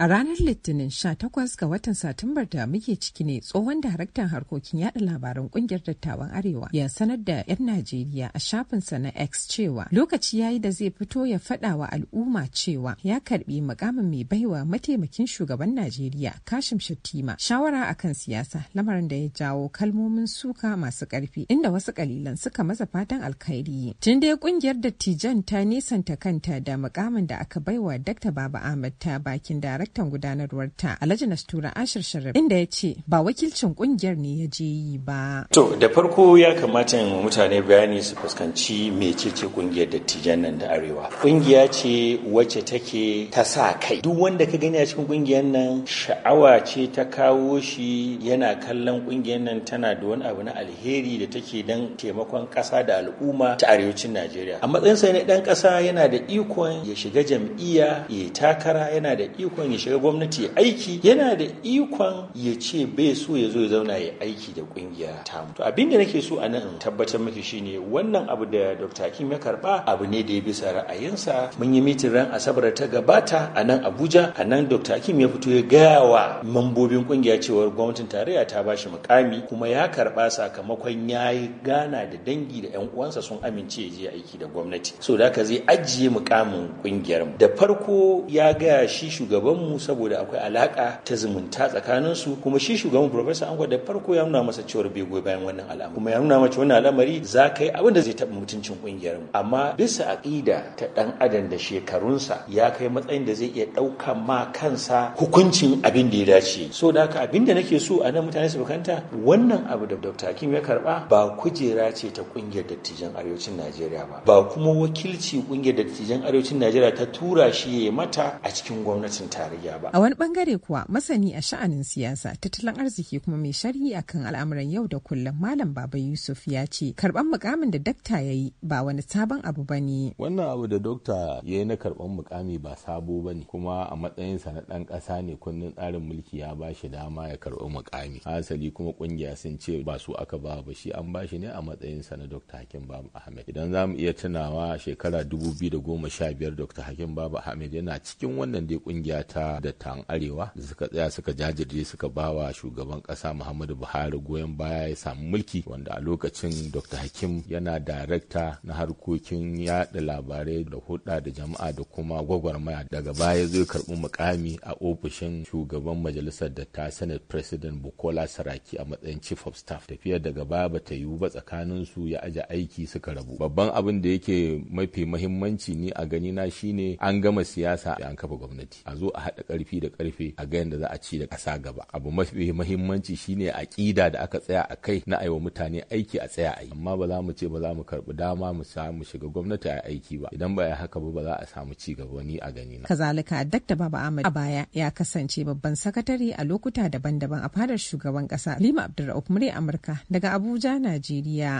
A ranar Litinin 18 ga watan Satumbar da muke ciki ne tsohon daraktan harkokin yada labaran kungiyar dattawan Arewa ya sanar da 'yan Najeriya a shafin sa na X cewa lokaci yayi da zai fito ya faɗawa wa al'umma cewa ya karbi mukamin mai baiwa mataimakin shugaban Najeriya Kashim Shattima shawara akan siyasa lamarin da ya jawo kalmomin suka masu karfi inda wasu kalilan suka masa fatan alkhairi. Tun dai kungiyar dattijan ta nisanta kanta da mukamin da aka baiwa Dr. Baba Ahmed ta bakin daraktan daraktan gudanarwarta Alhaji Nastura Ashir Sharif inda ya ce ba wakilcin kungiyar ne ya je yi ba. To da farko ya kamata mutane bayani su fuskanci mecece kungiyar dattijan nan da arewa. Kungiya ce wacce take ta sa kai. Duk wanda ka gani a cikin kungiyar nan sha'awa ce ta kawo shi yana kallon kungiyar nan tana da wani abu na alheri da take dan taimakon ƙasa da al'umma ta arewacin Najeriya. A matsayinsa ne ɗan ƙasa yana da ikon ya shiga jam'iyya ya takara yana da ikon ya shiga gwamnati ya aiki yana da ikon ya ce bai so ya zo ya zauna ya aiki da kungiya ta to abin da nake so a nan tabbatar miki shine wannan abu da Dr. Hakim ya karba abu ne da ya bisa ra'ayinsa mun yi mitin ran asabar ta gabata a nan Abuja a nan Dr. Hakim ya fito ya gaya wa mambobin kungiya cewar gwamnatin tarayya ta bashi mukami kuma ya karba sakamakon yayi gana da dangi da yan uwansa sun amince ya je aiki da gwamnati so da haka zai ajiye mukamin kungiyar da farko ya gaya shi shugabanmu mu saboda akwai alaka ta zumunta tsakanin su kuma shi shugaban professor angwa da farko ya nuna masa cewa bai goyi bayan wannan al'amari kuma ya nuna masa wannan al'amari za ka yi abin da zai taɓa mutuncin kungiyar mu amma bisa aƙida ta ɗan adam da shekarunsa ya kai matsayin da zai iya ɗauka ma kansa hukuncin abin da ya dace so da haka abin da nake so a nan mutane su bukanta wannan abu da Dr. kim ya karɓa. ba kujera ce ta kungiyar dattijan arewacin Najeriya ba ba kuma wakilci kungiyar dattijan arewacin Najeriya ta tura shi ya mata a cikin gwamnatin tarayya ba. A wani bangare kuwa masani a sha'anin siyasa tattalin arziki kuma mai sharhi akan al'amuran yau da kullum Malam Baba Yusuf ya ce karban mukamin da dakta ya yi ba wani sabon abu ba ne. Wannan abu da dokta ya yi na karban mukami ba sabo ba ne kuma a matsayinsa na ɗan ƙasa ne kundin tsarin mulki ya ba shi dama ya karɓi mukami. asali kuma ƙungiya sun ce ba su aka ba ba shi an ba shi ne a matsayinsa na dokta Hakim Babu Ahmed. Idan za mu iya tunawa shekara 2015 dokta Hakim Babu Ahmed yana cikin wannan dai ƙungiya ta da dattawan arewa da suka tsaya suka jajirje suka bawa shugaban kasa muhammadu buhari goyon baya ya samu mulki wanda a lokacin dr hakim yana darakta na harkokin yada labarai da hulɗa da jama'a da kuma gwagwarmaya daga baya zai karɓi mukami a ofishin shugaban majalisar datta senate president bukola saraki a matsayin chief of staff tafiya daga baya ba ta yiwu ba tsakanin su ya aje aiki suka rabu babban abin da yake mafi mahimmanci ni a gani na shine an gama siyasa an kafa gwamnati a zo a haɗa ƙarfi da ƙarfe a ga yadda za a ci da kasa gaba abu mafi mahimmanci shine aƙida da aka tsaya a kai na aiwa mutane aiki a tsaya a yi amma ba za mu ce ba za mu karɓi dama mu samu shiga gwamnati a aiki ba idan ba ya haka ba ba za a samu ci gaba ni a gani na kazalika dakta baba ahmed a baya ya kasance babban sakatare a lokuta daban-daban a fadar shugaban ƙasa lima abdulrahman murya amurka daga abuja najeriya